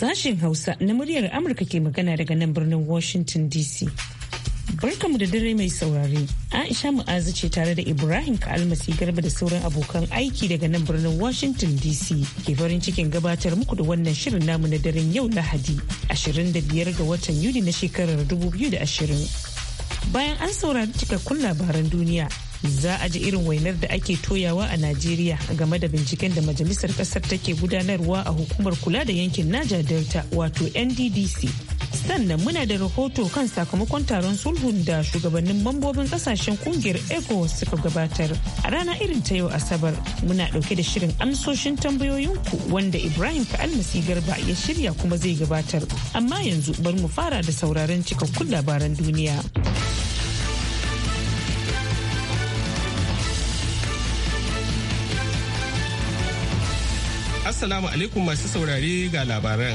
Sashen Hausa na muryar Amurka ke magana daga nan birnin Washington DC. mu da dare mai saurare. Aisha Mu'azu ce tare da Ibrahim Ka'almasi Garba da sauran abokan aiki daga nan birnin Washington DC ke farin cikin gabatar muku da wannan shirin namu na daren yau Lahadi 25 ga watan Yuni na shekarar 2020. Bayan an saurari cikakkun labaran duniya, za a ji irin wainar da ake toyawa a najeriya game da binciken da majalisar kasar take gudanarwa a hukumar kula da yankin naja delta wato nddc sannan muna da rahoto kan sakamakon taron sulhun da shugabannin mambobin kasashen kungiyar eco suka gabatar a rana irin ta yau asabar muna dauke da shirin amsoshin tambayoyinku wanda ibrahim masi garba ya shirya kuma zai gabatar amma yanzu bari mu fara da sauraron cikakkun labaran duniya. Assalamu alaikum masu saurare ga labaran.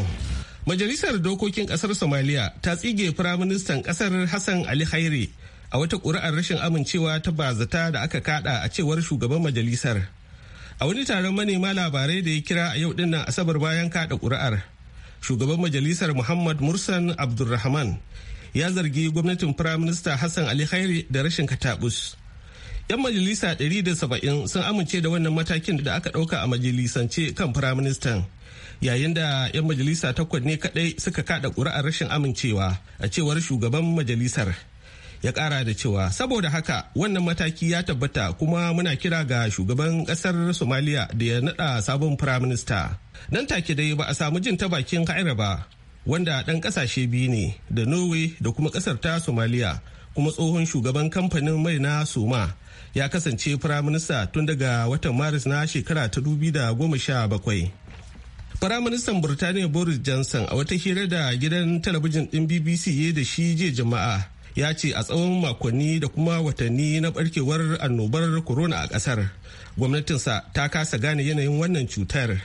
Majalisar Dokokin Kasar Somaliya ta tsige Firaministan Kasar Hassan Ali Haire a wata ƙuri'ar rashin amincewa ta bazata da aka kada a cewar shugaban majalisar. A wani taron manema labarai da ya kira a yau dinnan Asabar bayan kada ƙuri'ar. Shugaban majalisar Muhammad Mursan Abdulrahman ya zargi gwamnatin Firaminista Hassan Ali Khairi da rashin katabus. 'Yan majalisa 170 sun amince da wannan matakin da aka ɗauka a majalisance kan firaministan. Yayin da 'yan majalisa takwas ne kadai suka kaɗa ƙuri'ar rashin amincewa a cewar shugaban majalisar. ya kara da cewa saboda haka wannan mataki ya tabbata kuma muna kira ga shugaban kasar somaliya da ya nada sabon firaminista nan take dai ba a samu jin ta bakin haira ba wanda dan kasashe biyu ne da norway da kuma kasar ta somaliya kuma tsohon shugaban kamfanin mai na soma ya kasance firaminista tun daga watan maris na shekara ta goma sha bakwai. Firaministan Burtaniya Boris Johnson a wata hira da gidan talabijin ɗin BBC ya da shi je jama'a ya ce a tsawon makonni da kuma watanni na barkewar annobar corona a ƙasar gwamnatinsa ta kasa gane yanayin wannan cutar.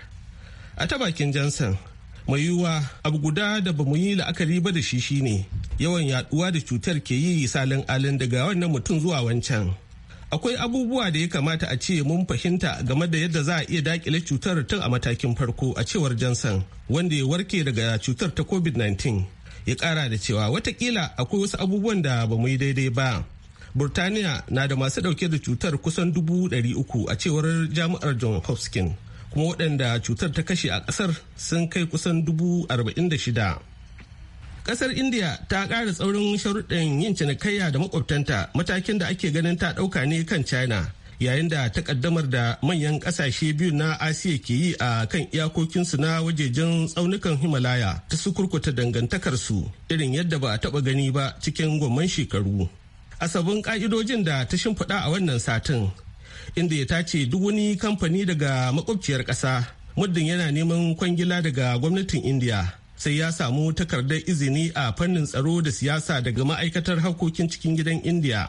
A ta bakin Johnson, mai yiwuwa abu guda da ba mu yi la'akari ba da shi shine yawan yaduwa da cutar ke yi salin alin daga wannan mutum zuwa wancan. akwai abubuwa da ya kamata a ce mun fahimta game da yadda za a iya dakile cutar tun a matakin farko a cewar Jansan wanda ya warke daga cutar ta covid-19 ya kara da cewa watakila akwai wasu abubuwan da ba mu yi daidai ba burtaniya na da masu dauke da cutar kusan dubu ɗari uku a cewar jami'ar john hopkins kuma waɗanda cutar ta kashe a ƙasar sun kai kusan dubu arba'in da shida Kasar India ta ƙara tsaurin sharuɗin yin cinikayya da makwabtanta matakin da ake ganin ta ɗauka ne kan China. yayin da takaddamar da manyan ƙasashe biyu na asiya ke yi a kan iyakokinsu na wajejen tsaunukan himalaya ta sukurkuta dangantakarsu irin yadda ba a taɓa gani ba cikin gwamman shekaru asabin ka'idojin da ta shimfiɗa a wannan satin inda ya tace duk wani kamfani daga makwabciyar ƙasa muddin yana neman kwangila daga gwamnatin indiya sai ya samu takardar izini a fannin tsaro da siyasa daga ma'aikatar harkokin cikin gidan India.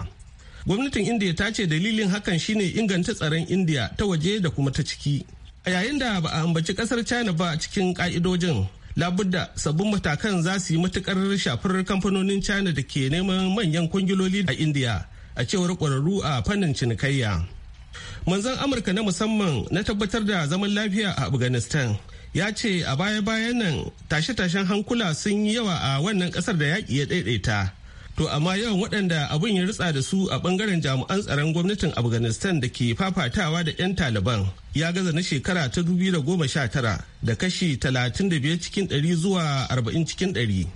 Gwamnatin India ta ce dalilin hakan shine inganta tsaron India ta waje da kuma ta ciki. A yayin da ba a ambaci kasar China ba cikin ka'idojin, labudda sabbin matakan za su yi matukar shafar kamfanonin China da ke neman manyan kwangiloli a India a cewar ƙwararru a fannin cinikayya. Manzan Amurka na musamman na tabbatar da zaman lafiya a Afghanistan ya ce a baya-bayan nan tashe-tashen hankula sun yi yawa a wannan kasar da yaƙi ya ɗaiɗaita. to amma yawan waɗanda abin ya ritsa da su a ɓangaren jami'an tsaron gwamnatin afghanistan da ke fafatawa da 'yan taliban ya gaza na shekara ta goma sha tara da kashi talatin da biyar cikin ɗari zuwa arba'in cikin ɗari.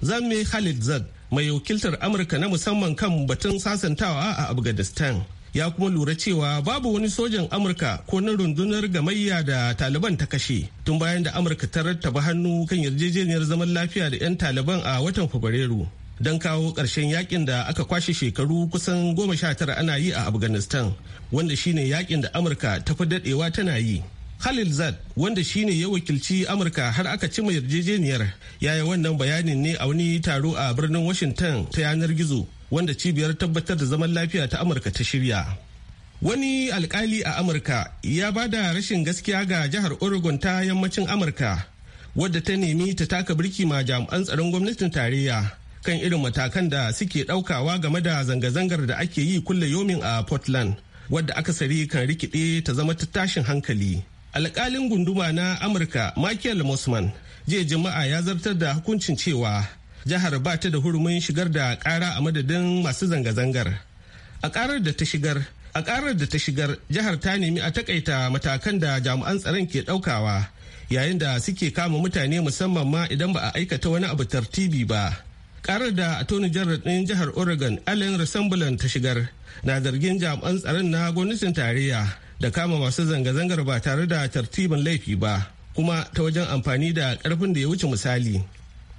zamme khalid zad mai wakiltar amurka na musamman kan batun sasantawa a afghanistan ya kuma lura cewa babu wani sojan amurka ko na rundunar gamayya da taliban ta kashe tun bayan da amurka ta rattaba hannu kan yarjejeniyar zaman lafiya da 'yan taliban a watan fabrairu don kawo ƙarshen yakin da aka kwashe shekaru kusan goma sha tara ana yi a afghanistan wanda shine yakin da amurka ta fi daɗewa tana yi Khalil Zad wanda shine ya wakilci Amurka har aka cima yarjejeniyar yi wannan bayanin ne a wani taro a birnin Washington ta yanar gizo wanda cibiyar tabbatar da zaman lafiya ta amurka ta shirya wani alkali a amurka ya ba da rashin gaskiya ga jihar oregon ta yammacin amurka wadda ta nemi ta taka birki ma jami'an tsaron gwamnatin tarayya kan irin matakan da suke daukawa game da zanga-zangar da ake yi kulle yomin a portland wadda akasari kan rikide ta zama ta tashin hankali alkalin gunduma na amurka michael mosman jiya jama'a ya zartar da hukuncin cewa jihar ba ta da hurumin shigar da kara a madadin masu zanga-zangar a karar da ta shigar a karar da ta shigar jihar ta nemi a takaita matakan da jami'an tsaron ke daukawa yayin da suke kama mutane musamman ma idan ba a aikata wani abu tartibi ba karar da a general ɗin jihar oregon allen resambulan ta shigar na zargin jami'an tsaron na gwamnatin tarayya da kama masu zanga-zangar ba tare da tartibin laifi ba kuma ta wajen amfani da karfin da ya wuce misali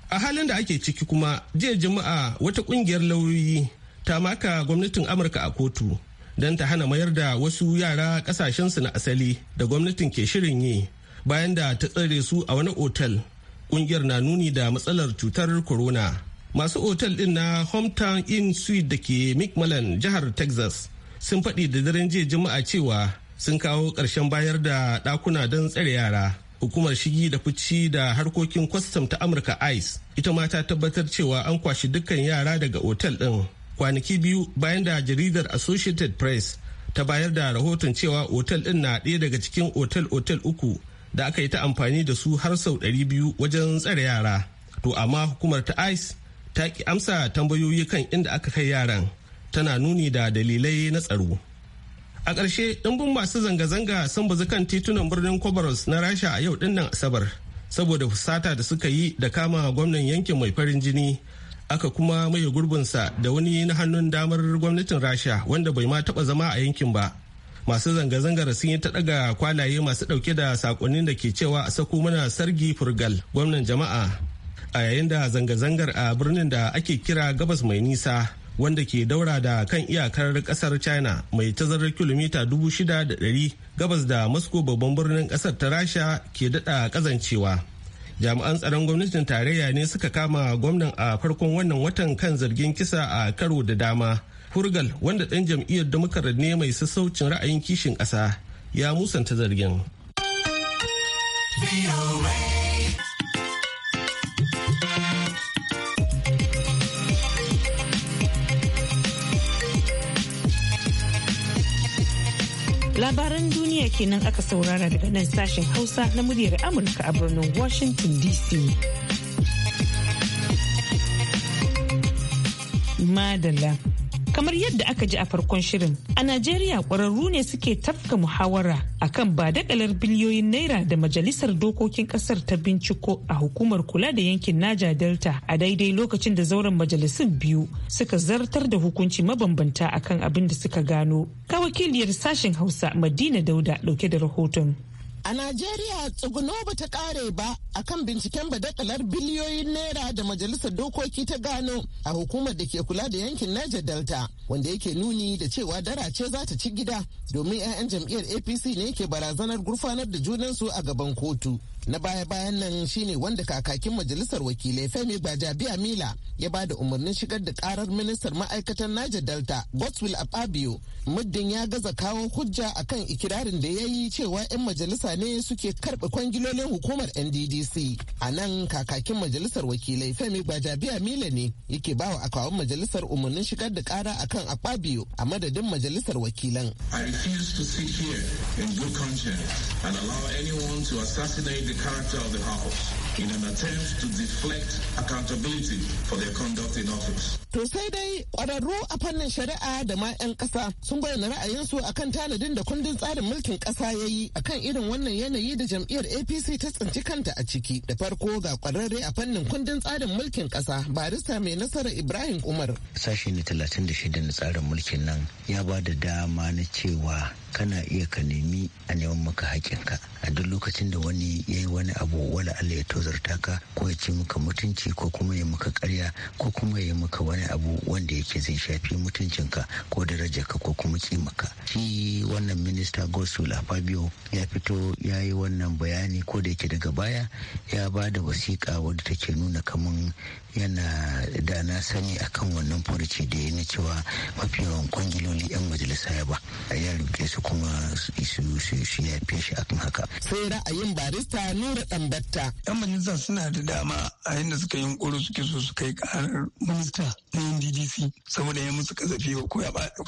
a halin da ake ciki kuma jiya juma'a wata kungiyar lauyoyi ta maka gwamnatin amurka a kotu don ta hana mayar da wasu yara kasashensu na asali da gwamnatin ke shirin yi bayan da ta tsare su a wani otal kungiyar na nuni da matsalar cutar corona masu otal din na hometown in suite da ke mcmillan jihar texas sun faɗi da daren jiya juma'a cewa sun kawo ƙarshen bayar da ɗakuna don tsare yara hukumar shigi da fici da harkokin kwastam ta amurka ice ita ma ta tabbatar cewa an kwashi dukkan yara daga otal ɗin kwanaki biyu bayan da jaridar associated press ta bayar da rahoton cewa otal ɗin na ɗaya daga cikin otel otal uku da aka yi ta amfani da su har sau ɗari biyu wajen tsare yara to amma hukumar ta ice ta ki amsa tambayoyi kan inda aka kai yaran tana nuni da dalilai na tsaro a ƙarshe ɗumbin masu zanga-zanga sun bazu kan titunan birnin kobaros na rasha a yau dinnan asabar saboda fusata da suka yi da kama gwamnan yankin mai farin jini aka kuma maye gurbinsa da wani na hannun damar gwamnatin rasha wanda bai ma taɓa zama a yankin ba masu zanga-zangar sun yi ta daga kwalaye masu ɗauke da sakonnin da ke cewa a sako mana sargi furgal gwamnan jama'a a yayin da zanga-zangar a birnin da ake kira gabas mai nisa wanda ke daura da kan iyakar kasar china mai tazarar kilomita 6,100 gabas da moscow babban birnin kasar ta rasha ke dada kazancewa jami'an tsaron gwamnatin tarayya ne suka kama gwamnan a farkon wannan watan kan zargin kisa a karo da dama hurgal wanda ɗan jam'iyyar demokrat ne mai sassaucin ra'ayin kishin ƙasa ya musanta zargin. Labaran duniya kenan aka saurara daga nan sashen Hausa na muryar Amurka a birnin Washington DC. madala. Kamar yadda aka ji a farkon shirin, a Najeriya ƙwararru ne suke tafka muhawara akan ba dakalar biliyoyin naira da Majalisar Dokokin Ƙasar ta binciko a hukumar kula da yankin Naja Delta a daidai lokacin da zauren majalisun biyu suka zartar da hukunci mabambanta akan abin da suka gano. Ka wakiliyar sashen Hausa Madina Dauda dauke da rahoton. A Najeriya tsuguno ba ta kare ba akan binciken badakalar biliyoyin naira da majalisar dokoki ta gano a hukumar da ke kula da yankin Niger Delta wanda yake nuni da cewa dara ce za ta ci gida domin 'ya'yan jam'iyyar APC ne ke barazanar gurfanar da junansu a gaban kotu. na baya-bayan nan shine wanda kakakin majalisar wakilai femi gbajabiya mila ya ba da umarnin shigar da karar ministar ma'aikatar niger delta botswil ababio muddin ya gaza kawo hujja akan ikirarin da ya yi cewa 'yan majalisa ne suke karbe kwangilolin hukumar nddc a nan kakakin majalisar wakilai femi gbajabiya mila ne yake ba wa akawun majalisar umarnin shigar da kara akan ababio a madadin majalisar wakilan I refuse to sit here in good conscience and allow anyone to assassinate the character of the house. in an attempt to deflect accountability for their conduct in office. To sai dai ƙwararru a fannin shari'a da ma 'yan ƙasa sun bayyana ra'ayinsu a kan tanadin da kundin tsarin mulkin ƙasa ya yi a kan irin wannan yanayi da jam'iyyar APC ta tsinci kanta a ciki. Da farko ga ƙwararre a fannin kundin tsarin mulkin ƙasa barista mai nasara Ibrahim Umar. sashi na shida na tsarin mulkin nan ya ba da dama na cewa kana iya ka nemi a neman maka haƙƙinka a duk lokacin da wani ya yi wani abu wala Allah ya zarta ka ko ya ce maka mutunci ko kuma ya maka karya ko kuma ya maka wani abu wanda yake zai shafi mutuncinka ko darajarka ko kuma kimaka shi wannan minista gosul fabio ya fito ya yi wannan bayani ko da yake daga baya ya ba da wasiƙa wadda take nuna kaman yana da na sani akan wannan furuci da ya na cewa mafi yawan kwangiloli 'yan majalisa ya ba ya rike su kuma su ya shi akan haka sai ra'ayin barista nura ɗanbatta 'yan yasa suna da dama a yadda suka yi koro suke so su kai karar minista na nddc saboda ya musu kazafi ko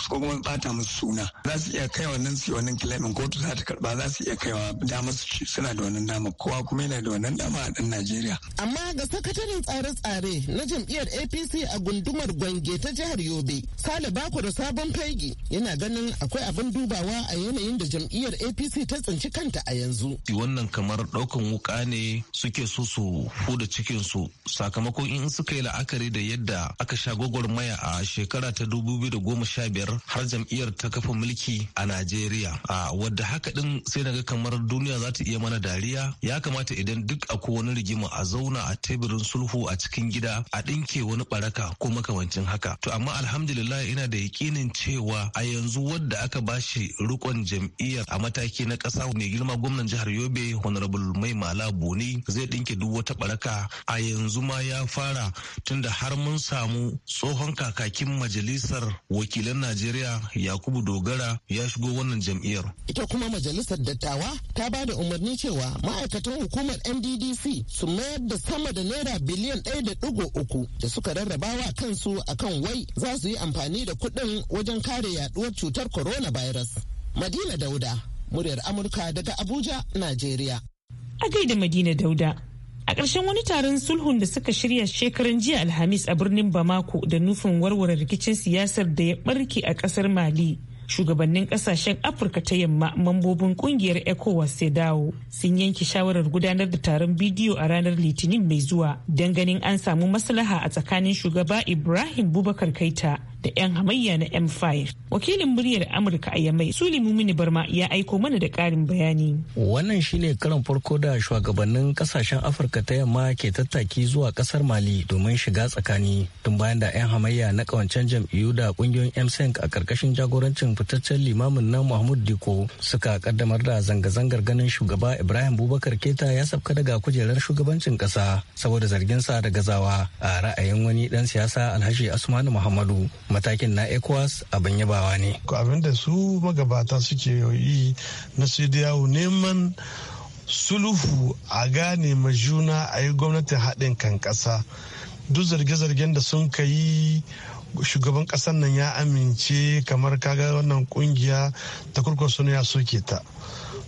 kuma bata musu suna za su iya kai wannan su wannan kilamin kotu za ta karba za su iya kai wa dama su ci suna da wannan dama kowa kuma yana da wannan dama a dan najeriya amma ga sakataren tsare-tsare na jam'iyyar apc a gundumar gwange ta jihar yobe sale bako da sabon fegi yana ganin akwai abin dubawa a yanayin da jam'iyyar apc ta tsinci kanta a yanzu wannan kamar ɗaukan wuka ne suke so su su huda cikin su sakamakon in suka yi la'akari da yadda aka sha gwagwarmaya a shekara ta biyar har jam'iyyar ta kafa mulki a Najeriya a wadda haka din sai ga kamar duniya za ta iya mana dariya ya kamata idan duk akwai wani rigima a zauna a teburin sulhu a cikin gida a ɗinke wani baraka ko makamancin haka to amma alhamdulillah ina da yakinin cewa a yanzu wadda aka bashi rikon jam'iyyar a mataki na ƙasa mai girma gwamnan jihar Yobe Honorable Mai Mala Boni zai yanke duk wata baraka a yanzu ma ya fara tunda har mun samu tsohon kakakin majalisar wakilan najeriya yakubu dogara ya shigo wannan jam'iyyar ita kuma majalisar dattawa ta ba da umarni cewa ma'aikatan hukumar nddc su mayar da sama da naira biliyan ɗaya da ɗigo uku da suka rarrabawa kansu akan wai za su yi amfani da kuɗin wajen kare yaduwar cutar coronavirus madina dauda muryar amurka daga abuja najeriya a gaida madina dauda a ƙarshen wani taron sulhun da suka shirya shekaran jiya alhamis a birnin bamako da nufin warware rikicin siyasar da ya barke a ƙasar mali shugabannin ƙasashen afirka ta yamma mambobin ƙungiyar ecowas sai dawo sun yanke shawarar gudanar da taron bidiyo a ranar litinin mai zuwa don ganin an samu maslaha a tsakanin shugaba ibrahim bubakar kaita da 'yan hamayya na M5. Wakilin muryar Amurka a Yamai Suli Mumini Barma ya aiko mana da karin bayani. Wannan shine karan farko da shugabannin kasashen Afirka ta yamma ke tattaki zuwa ƙasar Mali domin shiga tsakani tun bayan da 'yan hamayya na ƙawancen jam'iyyu da ƙungiyoyin MSENC a karkashin jagorancin fitaccen limamin na Mahmud Diko suka kaddamar da zanga-zangar ganin shugaba Ibrahim Bubakar Keta ya sabka daga kujerar shugabancin ƙasa saboda zargin sa da gazawa a ra'ayin wani dan siyasa Alhaji Asmanu Muhammadu matakin na ecowas abin yabawa ne abin da su magabata suke yi na sidiyawu neman sulhu a gane ma juna a yi gwamnatin haɗin kan ƙasa duk zarge-zargen da sun ka yi shugaban ƙasar nan ya amince kamar kaga wannan ƙungiya ta kurkusun ya soke ta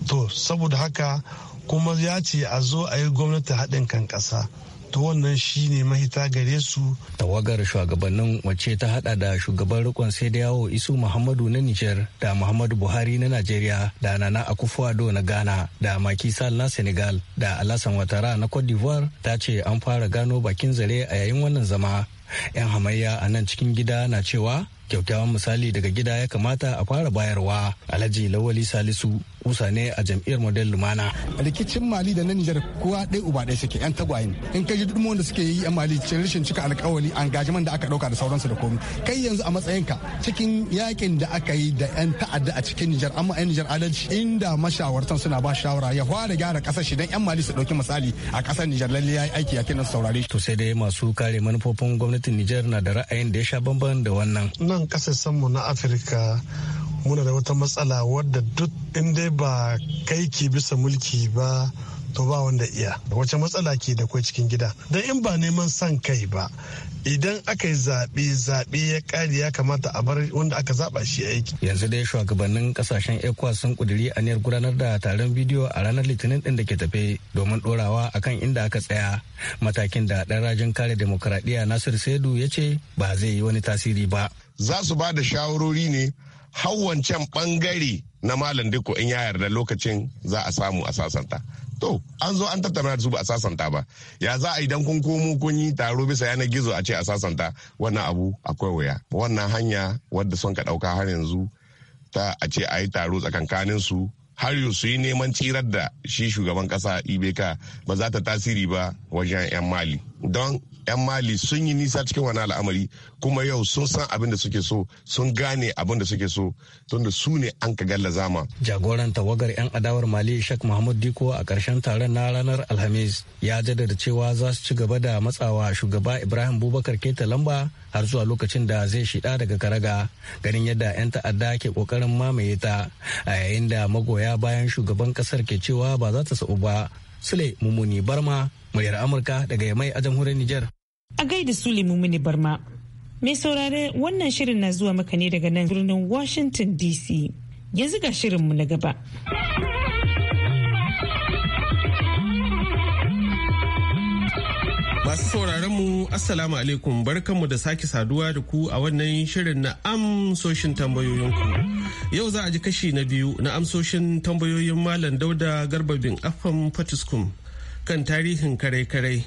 to saboda haka kuma ya ce a zo a yi gwamnati haɗin kan ƙasa to wannan shi ne mahita gare su tawagar shugabannin wacce ta hada da shugaban rikon sai da yawo isu muhammadu na nijar da muhammadu buhari na najeriya da nana akufuado na ghana da makisal na senegal da alasan watara na cote d'ivoire ta ce an fara gano bakin zare a yayin wannan zama 'yan hamayya a nan cikin gida na cewa kyakkyawan misali daga gida ya kamata a fara bayarwa alhaji lawali salisu kusa ne a jam'iyyar model lumana rikicin mali da na nijar kowa ɗaya uba ɗaya suke yan tagwaye in ka ji duk wanda suke yi yan mali rashin cika alkawali engajaman da aka ɗauka da sauransu da komai kai yanzu a matsayinka cikin yakin da aka yi da yan ta'adda a cikin nijar amma yan nijar adalci inda mashawartan suna ba shawara ya fara gyara ƙasar shi dan yan mali su ɗauki misali a ƙasar nijar lalle ya yi aiki ya kinan saurare to sai dai masu kare manufofin gwamnatin nijar na da ra'ayin da ya sha bamban da wannan nan kasashenmu na afirka muna da wata matsala wadda duk inda ba kai ke bisa mulki ba to ba wanda iya wace matsala ke da kwai cikin gida don in ba neman son kai ba idan aka yi zaɓe zaɓe ya ƙari ya kamata a bar wanda aka zaɓa shi aiki yanzu dai shugabannin kasashen ecowas sun kuduri aniyar gudanar da taron bidiyo a ranar litinin din da ke tafe domin ɗorawa akan inda aka tsaya matakin da ɗan rajin kare demokuraɗiyya nasir saidu ya ce ba zai yi wani tasiri ba za su ba da shawarori ne har wancan bangare na malam diko in ya yarda lokacin za a samu a sasanta to an zo an tattauna da su ba a sasanta ba ya za a idan kun komo kun yi taro bisa yanar gizo a ce a sasanta wannan abu akwai waya wannan hanya wadda son ka dauka har yanzu ta a ce a yi taro tsakankanin su har su yi neman tsirar da shi shugaban kasa ibeka ba za ta tasiri ba wajen 'yan mali don 'yan mali sun yi nisa cikin wani al'amari kuma yau sun san abin da suke so sun gane abin da suke so tunda su ne an ka galla zama jagoran tawagar 'yan adawar mali sheikh muhammad diko a karshen taron na ranar alhamis ya jaddada cewa za su ci gaba da matsawa shugaba ibrahim bubakar keta lamba har zuwa lokacin da zai shida daga karaga ganin yadda 'yan ta'adda ke kokarin mamaye ta a yayin da magoya bayan shugaban kasar ke cewa ba za ta sa'u ba sule mummuni barma muryar amurka daga yamai a jamhuriyar nijar. A gaida Sulimu Mini Barma. Mai saurare wannan shirin na zuwa maka ne daga nan birnin Washington DC. Yanzu ga shirinmu na gaba. Masu sauraron mu Assalamu alaikum barkanmu da sake saduwa da ku a wannan shirin na amsoshin tambayoyinku. Yau za a ji kashi na biyu na amsoshin tambayoyin Malam Dauda garba bin Afan Fatiskum kan tarihin kare karai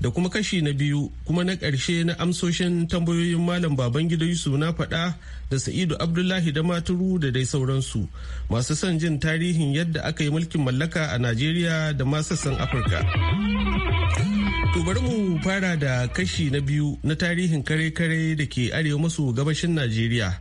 da kuma kashi na biyu kuma na ƙarshe na amsoshin tambayoyin malam babangida yusuf na faɗa da sa'idu abdullahi da maturu da dai sauransu masu son jin tarihin yadda aka yi mulkin mallaka a najeriya da masu son afirka to bari mu fara da kashi na biyu na tarihin kare-kare da ke arewa maso gabashin najeriya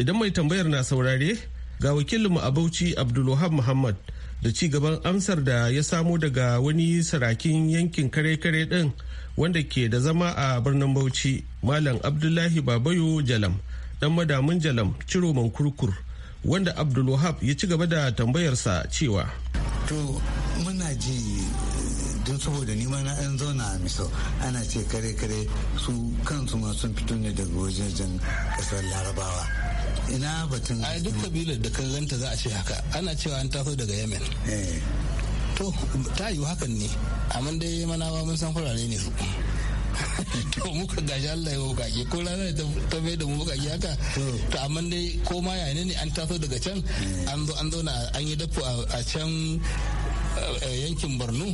idan mai tambayar na saurare ga wakilinmu a bauchi abdulwahab muhammad da ci gaban amsar da ya samo daga wani sarakin yankin kare-kare din wanda ke da zama a birnin bauchi malam abdullahi babayo jalam dan madamin jalam ciroman kurkur wanda abdulwahab ya ci gaba da tambayarsa cewa to muna ji don saboda nima na an zauna a miso ana ce kare-kare su kansu ma sun fito ne daga wajen kasar larabawa ina batun ai duk kabilar da ka ganta za a ce haka ana cewa an taso daga yemen eh. to ta yiwu hakan ne amma dai manawa mun san kurare ne su to muka gashi Allah ya bukaki ko ranar ta bai da mu bukaki haka to amma dai ko ma yayin ne an taso daga can eh. an zo an zauna an yi dafu a can eh, yankin Borno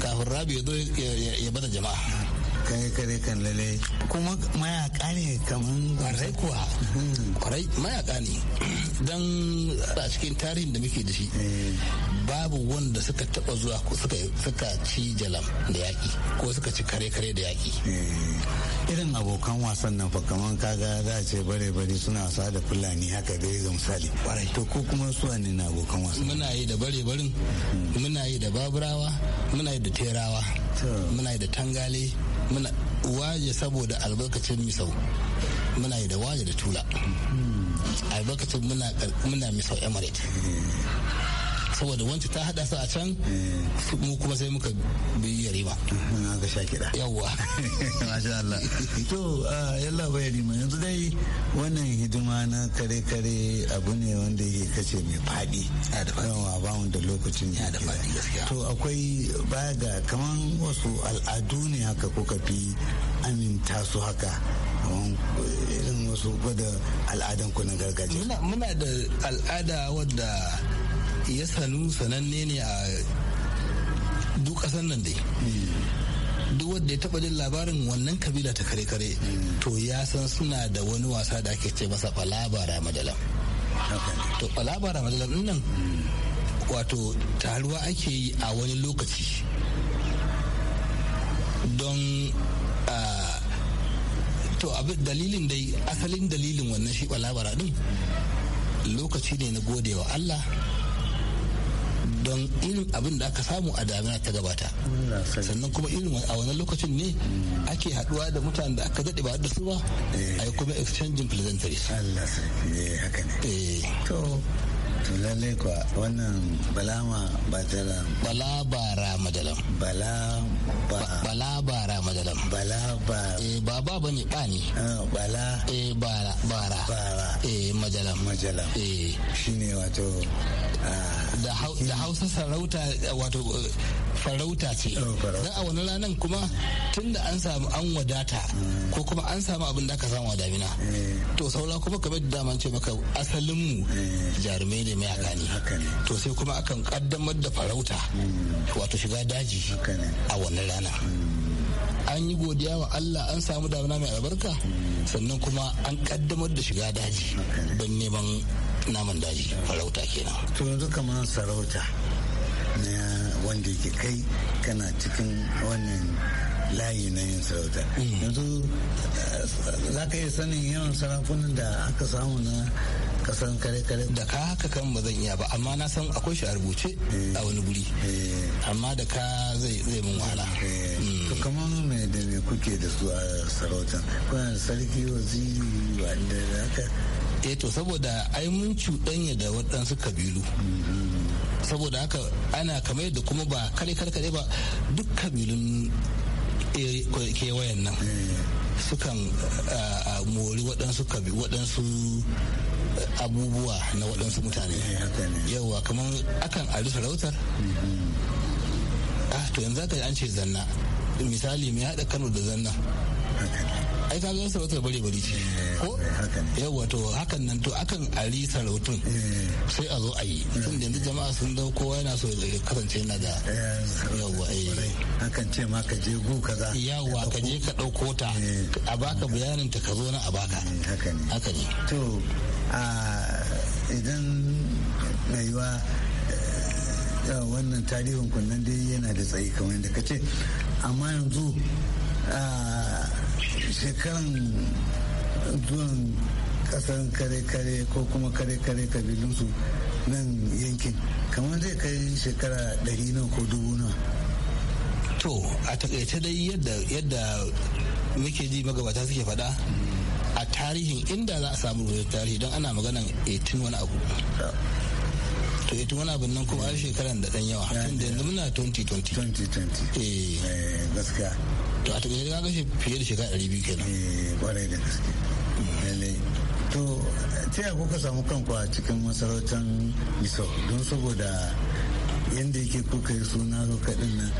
kafin Rabi ya zo ya bada jama'a kai kare kan lalle kuma mayaka ne kaman kwarai kuwa kwarai mayaka ne don a cikin tarihin da muke da shi eh. babu wanda suka taba zuwa ko suka ci jalam da yaki ko suka ci kare kare da yaki eh. irin abokan wasan nan fa kaman kaga za ce bare bare suna wasa da fulani haka dai ga misali to ko kuma su ne na abokan wasan muna yi da bare barin hmm. muna yi da baburawa muna yi da terawa muna yi da tangale muna waje saboda albarkacin misau muna yi da waje da tula hmm. albarkacin muna misau emirate hmm. saboda wancan ta hada su a can eh. mu kuma sai muka bi ba na ga sha kiɗa yawwa masha Allah to yalla bai yarima yanzu dai wannan hidima na kare kare abu ne wanda yake kace mai faɗi yawa ba mu da lokacin ya da fadi gaskiya to akwai baya ga kaman wasu al'adu ne haka ka fi aminta su haka eh, irin wasu gwada al'adanku na gargajiya muna da al'ada wadda ya sanu sananne ne a duk ƙasar nan dai duk wanda ya taba jin labarin wannan kabila ta kare kare to ya san suna da wani wasa da ake ce masa falabara majalam to falabara majalam din nan wato taruwa ake yi a wani lokaci don to abin dalilin dai asalin dalilin wannan shi falabara din lokaci ne na godewa Allah don irin abin da aka samu a damina ta gabata sannan kuma irin a wannan lokacin ne hmm. ake haduwa da mutanen da aka daɗe ba da su ba eh. a yi kuma exchanging pleasantries Allah ne haka ne eh. to to lallai kuwa wannan balama ba bala bara madala bala ba bala bara madala bala ba eh baba bane ba ne ah, bala eh bara bara bara eh majala majala eh shine wato ah, da hausa sarauta wato eh, farauta ce oh, don a wani ranar kuma tun da an samu an wadata mm. ko kuma an samu abin da ka samu a damina eh. to saura kuma kamar da daman ce maka asalinmu eh. jarumai ne aka ne to sai kuma akan kaddamar da farauta mm. wato shiga daji a wani rana mm. an yi godiya wa Allah an samu damuna mai albarka sannan kuma an kaddamar da shiga daji don neman naman daji farauta kenan to yanzu kamar sarauta na wanda ke kai kana cikin wannan layi na yin sarauta mm. yanzu eh, za ka yi sanin yawan sarakunan da aka samu na kasan kare-kare da ka haka kan ba zan iya ba amma na san akwai shi a rubuce eh. a wani guri eh. amma da ka zai mun wahala to kamar mai da me kuke da su a sarautan kuna sarki waziri wanda haka eh to saboda ai mun cuɗanya da waɗansu kabilu saboda haka ana kamar yadda kuma ba kare kare kare ba duk kabilun eh, kewayen nan eh. sukan mori waɗansu waɗansu abubuwa na waɗansu mutane eh, yawa kamar akan ari sarautar mm-hmm. ah, to yanzu aka an ce zanna misali mai haɗa kano da zanna ai ka gan sarautar bare bare ce eh, ko yawa to hakan nan to akan ari sarautun eh. sai a zo a yi eh. tun da jama'a sun dau kowa yana so ya kasance yana da yawa eh hakan ce ma ka je gu kaza yawa ka je ka dauko ta a baka bayanin ta ka zo na a baka haka ne to a idan rayuwa wannan tarihin kunnan dai yana da tsayi kamar da kace amma yanzu shekaran zuwan kasar kare-kare ko kuma kare-kare kabilunsu nan yankin kamar zai kai shekara ɗari nan ko dubu nan to a takaice dai yadda muke ji magabata suke faɗa a tarihin inda za a samu tarihi don ana maganan 18 wani abu to ita wani abin nan kuma shekaran da dan yawa tun da yanzu muna 2020 2020 eh. eh gaskiya to a takaice ga gashi fiye da shekara 200 kenan eh kwarai da gaske lallai to ta yaya kuka samu kanku a cikin masarautar iso don saboda yadda yake kuka yi suna lokacin nan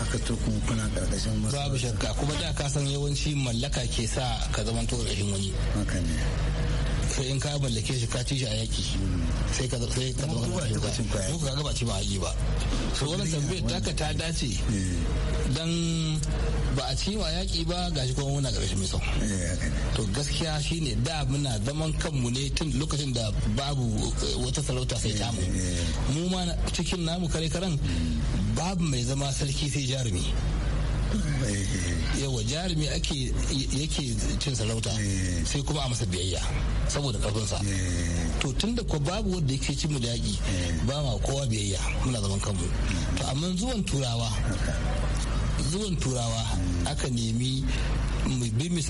aka to kuma kuna karkashin masu babu shakka kuma da ka san yawanci mallaka ke sa ka zama to wani haka ne to in ka mallake shi ka ci shi a yaki sai ka zai ka zama kana cin kaya ko ka gaba ci ba haƙi ba so wannan tambayar taka ta dace dan ba a ci wa yaƙi ba gashi kuma muna gaba mai sau to gaskiya shine da muna zaman kanmu ne tun lokacin da babu eh, wata sarauta sai tamu mu ma cikin namu kare karen babu mai zama sarki sai jarumi Eh. yawa jarumi ake yake cin sarauta eh. sai kuma a masa biyayya saboda karfinsa eh. to tun da babu wanda yake cin da yaƙi ba ma kowa biyayya muna zaman kanmu mm. to amma zuwan turawa zuwan turawa mm. aka nemi mu bi mu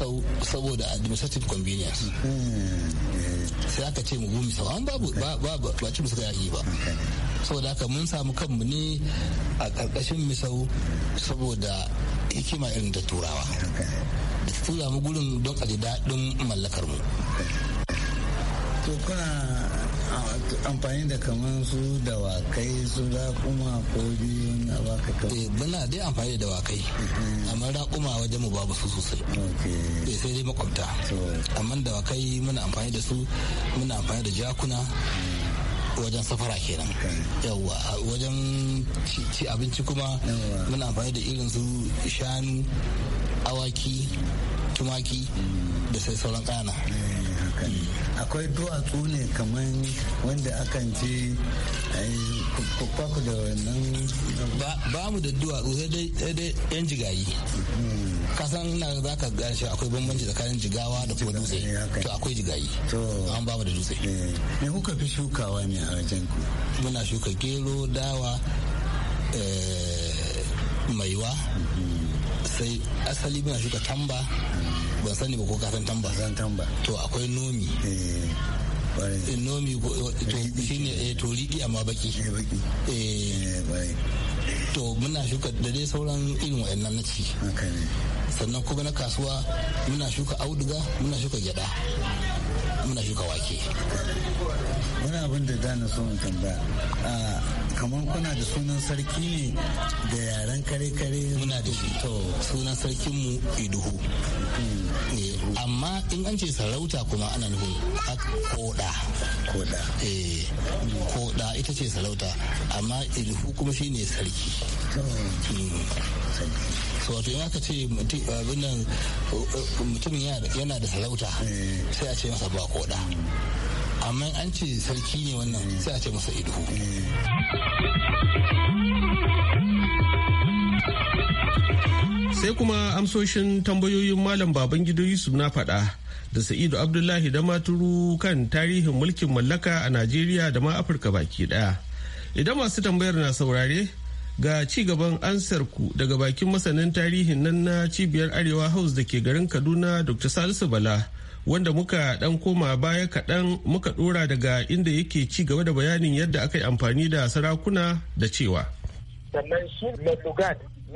saboda administrative convenience mm. sai aka ce mu bi mu an babu ba ci musu yaki ba saboda haka mun samu kanmu ne a ƙarƙashin misau saboda hikima irin da turawa da su tura mu gurin don a ji daɗin mallakar mu to kuna amfani da kamar su dawakai su raƙuma ko biyu na baka kawai eh muna dai amfani da dawakai mm-hmm. amma raƙuma wajen mu babu su sosai eh sai dai makwabta amma dawakai muna amfani da su muna amfani da jakuna wajen safara kenan yawwa wajen ci abinci kuma muna amfani da irin su shanu awaki tumaki da sai sauran kana eh, akwai duwatsu ne kamar wanda akan ce kwaku da wannan ba mu da duwatsu sai dai yan jigayi hmm. kasan na za ka shi akwai bambanci tsakanin jigawa da kuma dutse eh, to akwai jigayi an ba mu da dutse eh, me kuka fi shukawa ne a wajen ku muna shuka gero dawa eh, maiwa mm-hmm. sai asali muna shuka tamba mm-hmm. ban sani ba ko kasan tamba to akwai nomi nomi ko to ki amma baki to muna shuka da dai sauran irin wa'annan na ci sannan kuma na kasuwa muna shuka auduga muna shuka gyada muna shuka wake wani abin da dana so in tambaya kamar kuna da sunan sarki ne da yaren kare-kare muna da shi to sunan sarkinmu iduhu hmm. eh, amma in an ce sarauta kuma ana a koda koda eh koda ita ce sarauta amma iduhu kuma shine sarki hmm. sarki to wato in aka ce mutumin yana da talauta sai a ce masa ba koda amma an ce sarki ne wannan sai a ce masa ido. sai kuma amsoshin tambayoyin malam baban gido yusuf na faɗa da sa'idu abdullahi da maturu kan tarihin mulkin mallaka a najeriya da ma afirka baki daya idan masu tambayar na saurare ga ci gaban ansar ku daga bakin masanin tarihin nan na cibiyar arewa house da ke garin kaduna dr salisu bala wanda muka dan koma baya kaɗan muka ɗora daga inda yake ci gaba da bayanin yadda aka yi amfani da sarakuna da cewa sannan shi na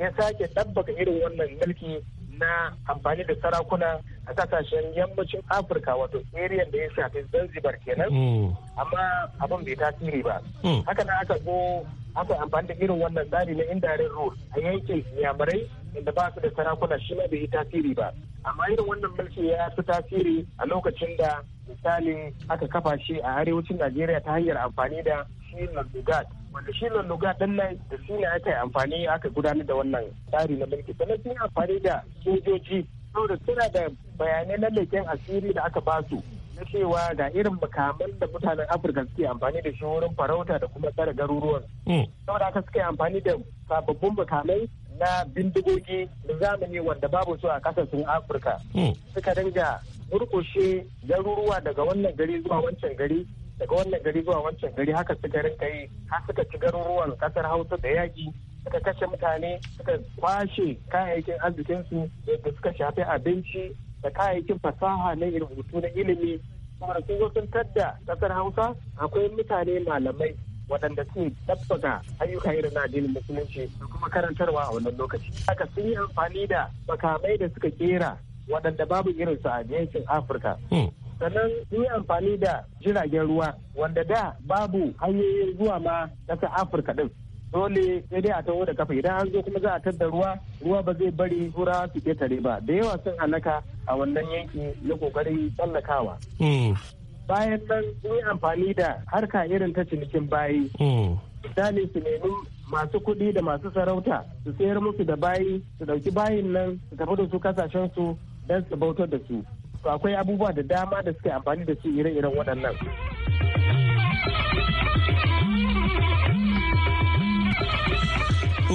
ya sake ɗabbaka irin wannan mulki na amfani da sarakuna a kasashen yammacin afirka wato area da ya shafi zanzibar kenan mm. amma abin bai tasiri ba mm. haka na aka zo aka amfani da irin wannan tsari na indirect rule a yankin yamurai da ba su da sarakuna shi ma bai yi tasiri ba amma irin wannan mulki ya fi tasiri a lokacin da misali aka kafa shi a arewacin najeriya ta hanyar amfani da shi lalugat wanda shi lalugat din nan da shi ne aka yi amfani aka gudanar da wannan tsari na mulki sannan sun amfani da sojoji saboda suna da bayanai na leken asiri da aka ba su na cewa ga irin makaman da mutanen afirka suke amfani da shi wurin farauta da kuma tsare garuruwan hmm. saboda haka suke amfani da sababbin makamai na bindigogi da zamani wanda babu su a kasashen afirka hmm. suka dinga murkushe garuruwa daga wannan gari zuwa wancan gari daga wannan gari zuwa wancan gari haka suka rinka yi har suka ci garuruwan kasar hausa da yaƙi suka kashe mutane suka kwashe kayayyakin arzikinsu da suka shafi abinci da kayayyakin fasaha na rubutu na ilimi kuma sun zo sun tadda kasar hausa akwai mutane malamai waɗanda suke tabbata ayyuka irin na addinin musulunci da kuma karantarwa a wannan lokaci haka sun yi amfani da makamai da suka kera waɗanda babu irin su a yankin afirka hmm. sannan sun yi amfani da jiragen ruwa wanda da babu hanyoyin zuwa ma ƙasar afirka ɗin. dole sai dai a taho da kafa idan an zo kuma za a tadda ruwa ruwa ba zai bari tura su ketare ba da yawa sun halaka a wannan yanki na ƙoƙarin tsallakawa hmm. bayan nan yi amfani da harka irin ta cinikin bayi hmm. misali su nemi masu kuɗi da masu sarauta su sayar musu da bayi su ɗauki bayin nan su tafi da su kasashen su don su bautar da su to akwai abubuwa da dama da suke amfani da su ire-iren waɗannan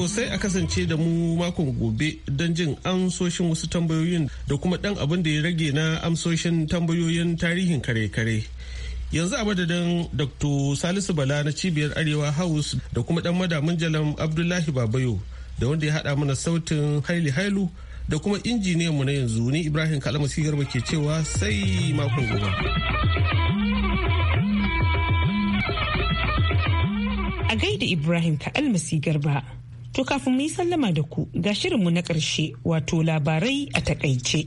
To sai a kasance da mu makon gobe don jin amsoshin wasu tambayoyin da kuma ɗan abin da ya rage na amsoshin tambayoyin tarihin kare-kare. Yanzu a madadin Dr. Salisu Bala na Cibiyar Arewa House da kuma ɗan madamin jalam Abdullahi Babayo da wanda ya haɗa mana sautin Haili Hailu da kuma injiniyan mu na yanzu ni Ibrahim Kalamasi Garba ke cewa sai makon gobe. A gaida Ibrahim Ka'almasi Garba. To kafin mu yi sallama da ku ga shirinmu na ƙarshe wato labarai a takaice.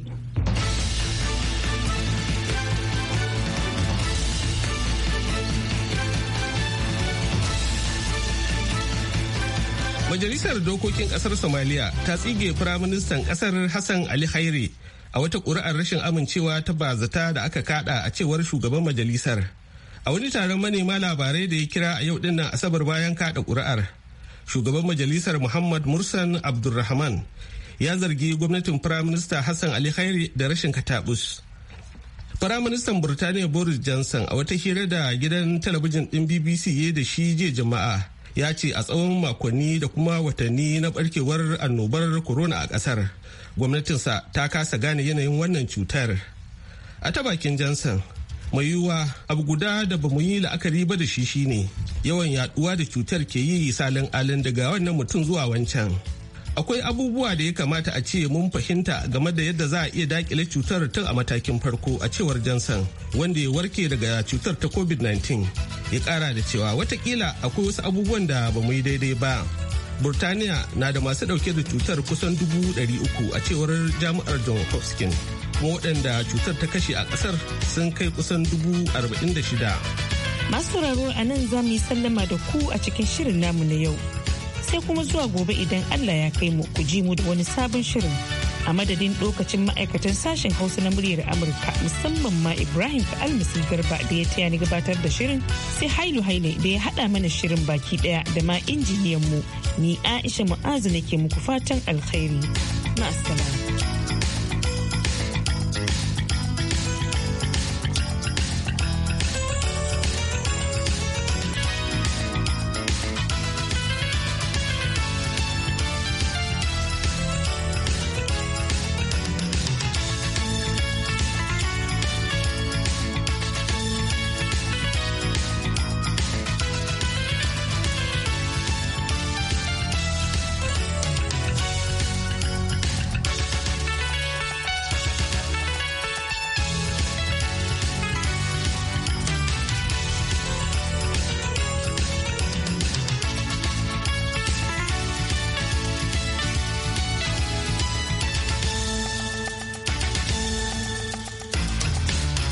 Majalisar Dokokin Ƙasar Somaliya ta tsige Firaministan ƙasar Hassan Ali Haire a wata ƙuri'ar rashin amincewa ta bazata da aka kaɗa a cewar shugaban majalisar. A wani taron manema labarai da ya kira a yau dinnan Asabar bayan kaɗa ƙuri'ar. shugaban majalisar muhammad mursan abdulrahman ya zargi gwamnatin firaminista hassan ali khairi da rashin katabus firaministan burtaniya boris johnson a wata hira da gidan talabijin ɗin bbc ya da shi jiya jama'a ya ce a tsawon makonni da kuma watanni na barkewar annobar corona a kasar gwamnatinsa ta kasa gane yanayin wannan cutar a ta bakin johnson mai yiwuwa abu guda da bamu yi la'akari ba da shi shine yawan yaduwa da cutar ke yi salin alin daga wannan mutum zuwa wancan akwai abubuwa da ya kamata a ce mun fahimta game da yadda za a iya dakile cutar tun a matakin farko a cewar jansan wanda ya warke daga cutar ta covid-19 ya kara da cewa watakila akwai wasu abubuwan da ba mu yi daidai ba burtaniya na da masu dauke da cutar kusan dubu uku a cewar jami'ar john hopkins kuma waɗanda cutar ta kashe a ƙasar sun kai kusan dubu arba'in da shida. Masu sauraro a nan za mu yi sallama da ku a cikin shirin namu na yau. Sai kuma zuwa gobe idan Allah ya kai mu ku ji mu da wani sabon shirin. A madadin lokacin ma'aikatan sashen Hausa na muryar Amurka musamman ma Ibrahim Almasi Garba da ya taya ni gabatar da shirin sai Hailu Haile da ya haɗa mana shirin baki ɗaya da ma injiniyan mu ni Aisha Mu'azu nake muku fatan alkhairi. Ma'assalam.